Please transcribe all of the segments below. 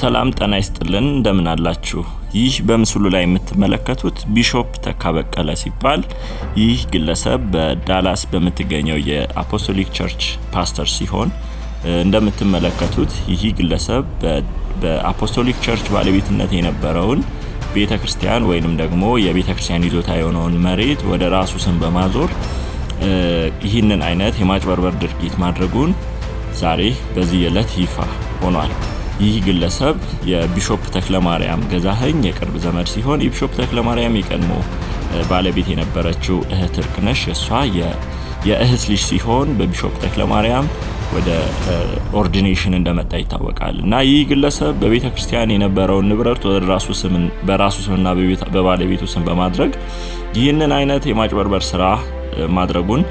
ሰላም ጠና ይስጥልን፣ እንደምን አላችሁ? ይህ በምስሉ ላይ የምትመለከቱት ቢሾፕ ተካ በቀለ ሲባል ይህ ግለሰብ በዳላስ በምትገኘው የአፖስቶሊክ ቸርች ፓስተር ሲሆን እንደምትመለከቱት ይህ ግለሰብ በአፖስቶሊክ ቸርች ባለቤትነት የነበረውን ቤተ ክርስቲያን ወይንም ደግሞ የቤተ ክርስቲያን ይዞታ የሆነውን መሬት ወደ ራሱ ስም በማዞር ይህንን አይነት የማጭበርበር ድርጊት ማድረጉን ዛሬ በዚህ ዕለት ይፋ ሆኗል። ይህ ግለሰብ የቢሾፕ ተክለማርያም ገዛኸኝ የቅርብ ዘመድ ሲሆን የቢሾፕ ተክለማርያም የቀድሞ ባለቤት የነበረችው እህት እርቅነሽ እሷ የእህት ልጅ ሲሆን በቢሾፕ ተክለማርያም ወደ ኦርዲኔሽን እንደመጣ ይታወቃል። እና ይህ ግለሰብ በቤተ ክርስቲያን የነበረውን ንብረት በራሱ ስምና በባለቤቱ ስም በማድረግ ይህንን አይነት የማጭበርበር ስራ ማድረጉን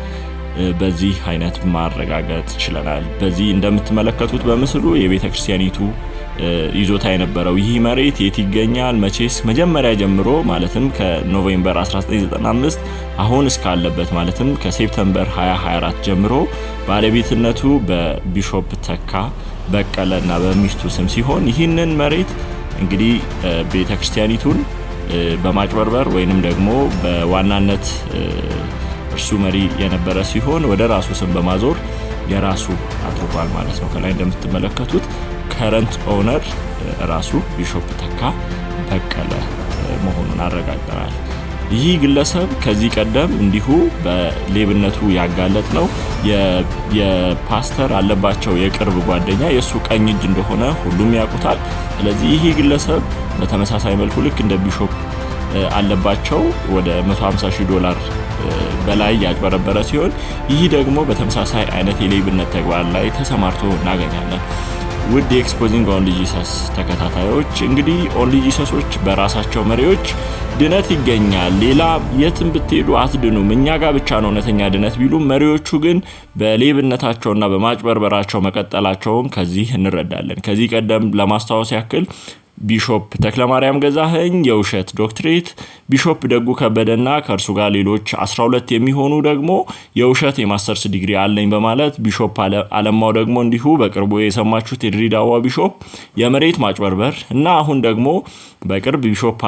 በዚህ አይነት ማረጋገጥ ችለናል። በዚህ እንደምትመለከቱት በምስሉ የቤተ ክርስቲያኒቱ ይዞታ የነበረው ይህ መሬት የት ይገኛል? መቼስ መጀመሪያ ጀምሮ ማለትም ከኖቬምበር 1995 አሁን እስካለበት ማለትም ከሴፕተምበር 2024 ጀምሮ ባለቤትነቱ በቢሾፕ ተካ በቀለና በሚስቱ ስም ሲሆን ይህንን መሬት እንግዲህ ቤተ ክርስቲያኒቱን በማጭበርበር ወይንም ደግሞ በዋናነት እርሱ መሪ የነበረ ሲሆን ወደ ራሱ ስም በማዞር የራሱ አድርጓል ማለት ነው። ከላይ እንደምትመለከቱት ከረንት ኦነር ራሱ ቢሾፕ ተካ በቀለ መሆኑን አረጋግጠናል። ይህ ግለሰብ ከዚህ ቀደም እንዲሁ በሌብነቱ ያጋለጥ ነው የፓስተር አለባቸው የቅርብ ጓደኛ የእሱ ቀኝ እጅ እንደሆነ ሁሉም ያውቁታል። ስለዚህ ይህ ግለሰብ በተመሳሳይ መልኩ ልክ እንደ ቢሾፕ አለባቸው ወደ 150 ሺህ ዶላር በላይ ያጭበረበረ ሲሆን ይህ ደግሞ በተመሳሳይ አይነት የሌብነት ተግባር ላይ ተሰማርቶ እናገኛለን። ውድ የኤክስፖዚንግ ኦንሊ ጂሰስ ተከታታዮች እንግዲህ ኦንሊ ጂሰሶች በራሳቸው መሪዎች ድነት ይገኛል። ሌላ የትም ብትሄዱ አትድኑም፣ እኛ ጋር ብቻ ነው እውነተኛ ድነት ቢሉም መሪዎቹ ግን በሌብነታቸውና በማጭበርበራቸው መቀጠላቸውን ከዚህ እንረዳለን። ከዚህ ቀደም ለማስታወስ ያክል ቢሾፕ ተክለማርያም ገዛህኝ የውሸት ዶክትሬት፣ ቢሾፕ ደጉ ከበደና ከእርሱ ጋር ሌሎች 12 የሚሆኑ ደግሞ የውሸት የማስተርስ ዲግሪ አለኝ በማለት ቢሾፕ አለማው ደግሞ እንዲሁ በቅርቡ የሰማችሁት የድሪዳዋ ቢሾፕ የመሬት ማጭበርበር እና አሁን ደግሞ በቅርብ ቢሾፕ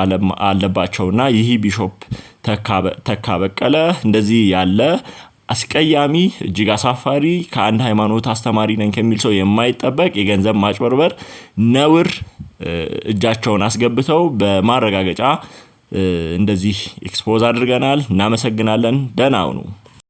አለባቸውና ይህ ቢሾፕ ተካ በቀለ እንደዚህ ያለ አስቀያሚ፣ እጅግ አሳፋሪ፣ ከአንድ ሃይማኖት አስተማሪ ነኝ ከሚል ሰው የማይጠበቅ የገንዘብ ማጭበርበር ነውር እጃቸውን አስገብተው በማረጋገጫ እንደዚህ ኤክስፖዝ አድርገናል። እናመሰግናለን። ደህና ሁኑ።